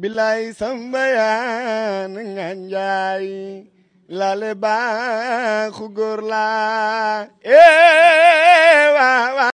bilay samba yaa na nga njaay laa